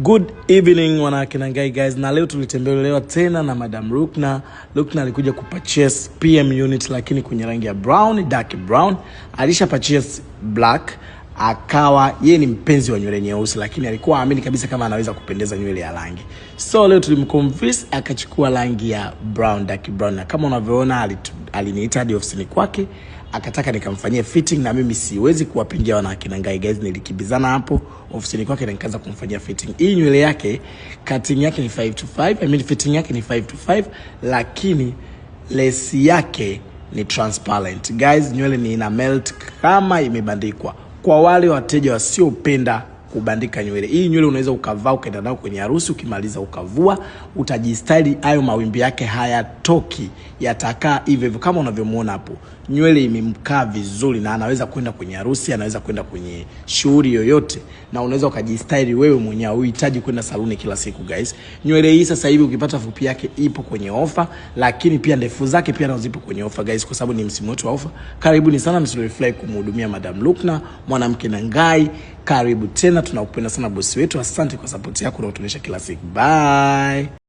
Good evening wanakinangai guys, na leo tulitembelewa tena na Madam Rukna. Rukna alikuja kupurchase PM unit lakini kwenye rangi ya brown, dark brown. Alisha purchase black, akawa yeye ni mpenzi wa nywele nyeusi, lakini alikuwa aamini kabisa kama anaweza kupendeza nywele ya rangi. So leo tulimconvince akachukua rangi ya brown, dark brown, na kama unavyoona aliniita hadi ofisini kwake akataka nikamfanyia fitting na mimi siwezi kuwapingia wana akina Ngai guys, nilikibizana hapo ofisini kwake na nikaanza kumfanyia fitting. Hii nywele yake cutting yake ni 5 to 5, I mean fitting yake ni 5 to 5, lakini lesi yake ni transparent. Guys, nywele ni ina melt kama imebandikwa. Kwa wale wateja wasiopenda kubandika nywele. Hii nywele unaweza ukavaa ukaenda nayo kwenye harusi, ukimaliza ukavua, utajistaili, hayo mawimbi yake hayatoki, yatakaa hivyo hivyo kama unavyomuona hapo nywele imemkaa vizuri, na anaweza kwenda kwenye harusi, anaweza kwenda kwenye shughuli yoyote, na unaweza ukajistyle wewe mwenyewe, uhitaji kwenda saluni kila siku. Guys, nywele hii sasa hivi ukipata fupi yake ipo kwenye ofa, lakini pia ndefu zake pia nazipo kwenye ofa guys, kwa sababu ni msimu wetu wa ofa. Karibuni sana Msulfly kumhudumia Madam Lukna, mwanamke na ngai. Karibu tena, tunakupenda sana bosi wetu. Asante kwa sapoti yako unaotuonyesha kila siku. Bye.